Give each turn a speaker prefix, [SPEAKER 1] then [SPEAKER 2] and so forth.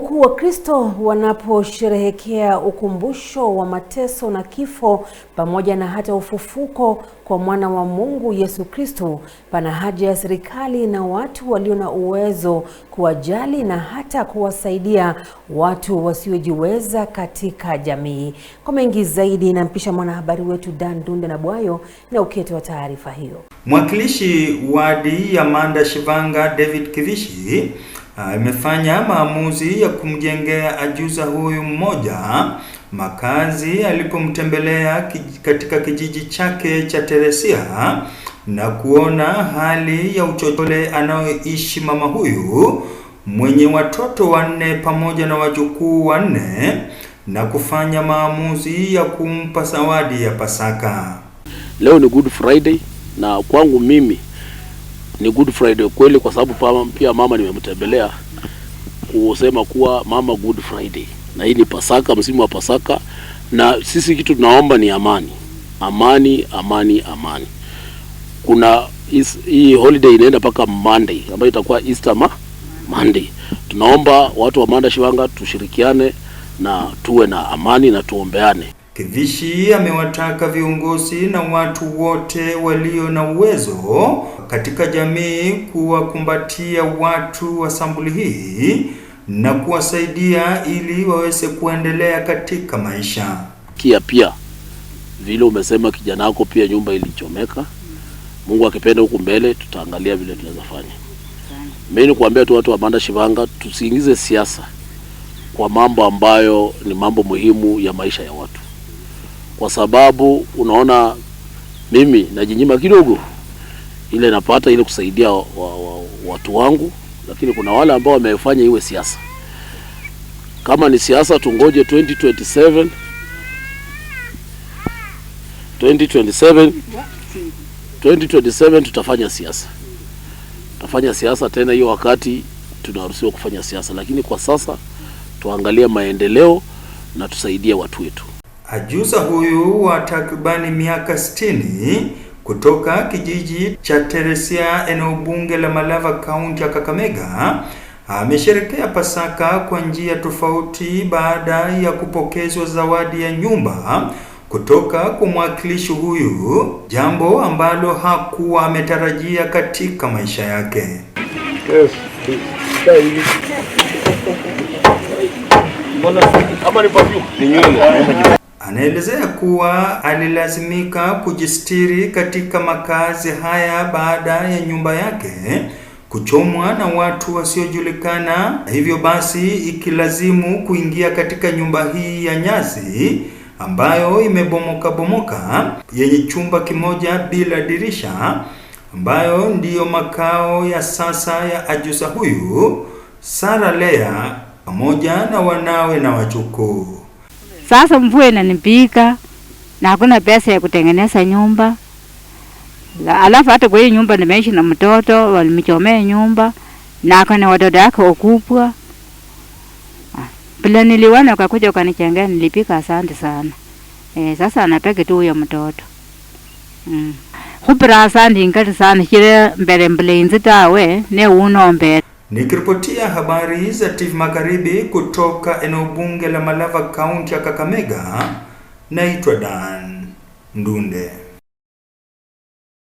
[SPEAKER 1] Huku Wakristo wanaposherehekea ukumbusho wa mateso na kifo pamoja na hata ufufuko kwa mwana wa Mungu Yesu Kristo, pana haja ya serikali na watu walio na uwezo kuwajali na hata kuwasaidia watu wasiojiweza katika jamii. Kwa mengi zaidi, nampisha mwanahabari wetu Dan Dunde na Bwayo na ukete wa taarifa hiyo.
[SPEAKER 2] Mwakilishi wadi manda Shivanga David Kivishi Ah, imefanya maamuzi ya kumjengea ajuza huyu mmoja makazi alipomtembelea katika kijiji chake cha Teresia na kuona hali ya uchochole anayoishi mama huyu mwenye watoto wanne pamoja na wajukuu wanne na kufanya maamuzi ya kumpa zawadi ya Pasaka.
[SPEAKER 3] Leo ni Good Friday na kwangu mimi ni Good Friday kweli, kwa sababu pia mama nimemtembelea kusema kuwa mama Good Friday, na hii ni Pasaka, msimu wa Pasaka, na sisi kitu tunaomba ni amani, amani, amani, amani. Kuna hii holiday inaenda mpaka Monday ambayo itakuwa Easter ma Monday. Tunaomba watu wa Manda Shiwanga tushirikiane na tuwe na amani na tuombeane.
[SPEAKER 2] Kivishi amewataka viongozi na watu wote walio na uwezo katika jamii kuwakumbatia watu wa sampuli hii na kuwasaidia ili waweze kuendelea katika maisha.
[SPEAKER 3] Kia pia vile umesema kijana wako pia nyumba ilichomeka. Mungu akipenda huku mbele tutaangalia vile tunaweza fanya. Mimi kuambia tu watu wa Banda Shivanga tusiingize siasa kwa mambo ambayo ni mambo muhimu ya maisha ya watu, kwa sababu unaona, mimi najinyima kidogo ile napata ili kusaidia wa, wa, wa, watu wangu, lakini kuna wale ambao wamefanya iwe siasa. Kama ni siasa, tungoje 2027 2027 2027 tutafanya siasa, tutafanya siasa tena. Hiyo wakati tunaruhusiwa kufanya siasa, lakini kwa sasa tuangalie maendeleo na tusaidie watu wetu.
[SPEAKER 2] Ajuza huyu wa takribani miaka 60 kutoka kijiji cha Teresia, eneo bunge la Malava, kaunti ya Kakamega, amesherekea Pasaka kwa njia tofauti baada ya kupokezwa zawadi ya nyumba kutoka kwa mwakilishi huyu, jambo ambalo hakuwa ametarajia katika maisha yake. Yes. Anaelezea kuwa alilazimika kujistiri katika makazi haya baada ya nyumba yake kuchomwa na watu wasiojulikana, hivyo basi ikilazimu kuingia katika nyumba hii ya nyasi ambayo imebomoka bomoka yenye chumba kimoja bila dirisha, ambayo ndiyo makao ya sasa ya ajusa huyu Sara Lea pamoja na wanawe na wajukuu.
[SPEAKER 4] Sasa mvua inanipika na hakuna pesa ya kutengeneza nyumba. Alafu hata kwa hii nyumba nimeishi na mtoto, walimchomea nyumba na akana watoto wake ukubwa. Ah, bila niliwana ukakuja ukanichangia, nilipika asante sana. Eh, sasa anapeke tu huyo mtoto. Mm. Khupira asante ingali sana shire mbere mbele inzi tawe ne uno
[SPEAKER 2] Nikiripotia habari za TV Magharibi kutoka eneo bunge la Malava, kaunti ya Kakamega, naitwa Dan Ndunde.